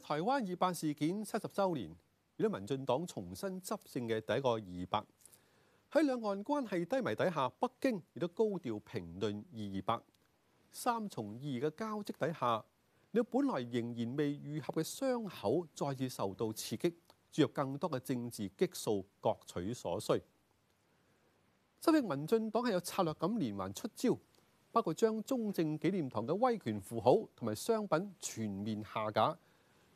台灣二二八事件七十周年，亦都民進黨重新執政嘅第一個二二八。喺兩岸關係低迷底下，北京亦都高調評論二二八。三重二嘅交織底下，你本來仍然未愈合嘅傷口，再次受到刺激，注入更多嘅政治激素，各取所需。所以民進黨係有策略噉連環出招，包括將中正紀念堂嘅威權符號同埋商品全面下架。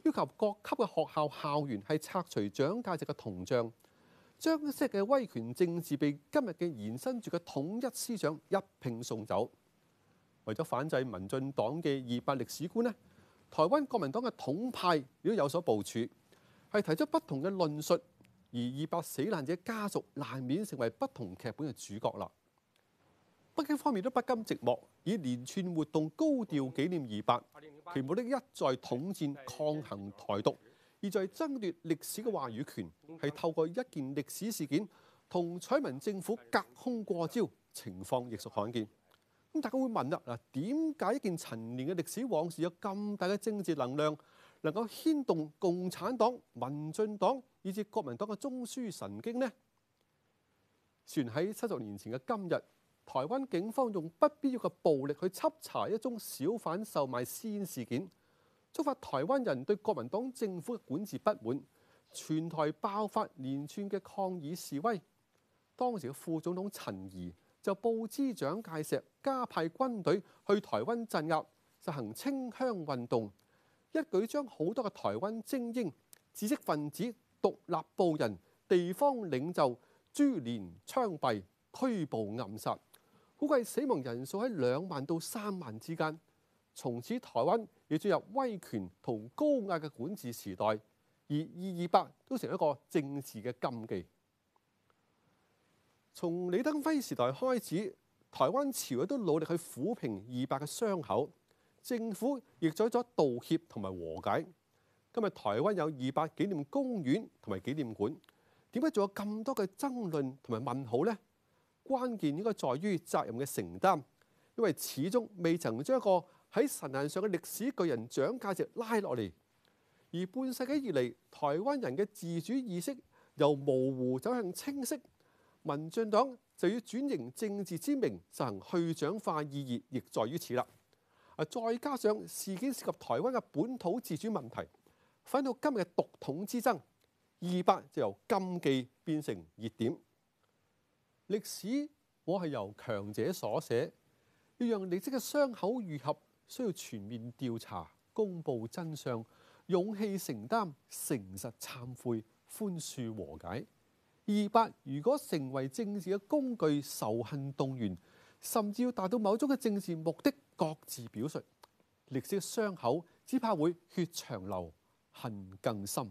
要求各級嘅學校校園係拆除蔣介石嘅銅像，將昔日嘅威權政治被今日嘅延伸住嘅統一思想一併送走。為咗反制民進黨嘅二二八歷史觀呢，台灣國民黨嘅統派亦都有所部署，係提出不同嘅論述，而二二八死難者家屬難免成為不同劇本嘅主角啦。北京方面都不甘寂寞，以連串活動高調紀念二二八，其目的一在統戰抗衡台獨，二在爭奪歷史嘅話語權，係透過一件歷史事件同彩民政府隔空過招，情況亦屬罕見。咁大家會問啦，嗱點解一件陳年嘅歷史往事有咁大嘅政治能量，能夠牽動共產黨、民進黨以至國民黨嘅中樞神經呢？旋喺七十年前嘅今日。台灣警方用不必要嘅暴力去緝查一宗小販售賣私煙事件，觸發台灣人對國民黨政府嘅管治不滿，全台爆發連串嘅抗議示威。當時嘅副總統陳儀就報知蔣介石加派軍隊去台灣鎮壓，實行清鄉運動，一舉將好多嘅台灣精英、知識分子、獨立報人、地方領袖，株連槍斃、拘捕暗殺。估計死亡人數喺兩萬到三萬之間。從此台灣亦進入威權同高壓嘅管治時代，而二二八都成一個政治嘅禁忌。從李登輝時代開始，台灣朝野都努力去撫平二二八嘅傷口，政府亦做咗道歉同埋和解。今日台灣有二二八紀念公園同埋紀念館，點解仲有咁多嘅爭論同埋問號呢？關鍵應該在於責任嘅承擔，因為始終未曾將一個喺神壇上嘅歷史巨人蔣介石拉落嚟。而半世紀以嚟，台灣人嘅自主意識由模糊走向清晰，民進黨就要轉型政治之名，進行去蔣化，意義亦在於此啦。再加上事件涉及台灣嘅本土自主問題，反到今日嘅獨統之爭，二八就由禁忌變成熱點。歷史我係由強者所寫，要讓歷史嘅傷口愈合，需要全面調查、公佈真相、勇氣承擔、誠實、懺悔、寬恕和解。二二八如果成為政治嘅工具、仇恨動員，甚至要達到某種嘅政治目的，各自表述歷史嘅傷口，只怕會血長流，恨更深。